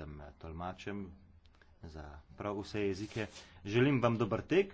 sem eh, tolmačem za prav vse jezike. Želim vam dober tek.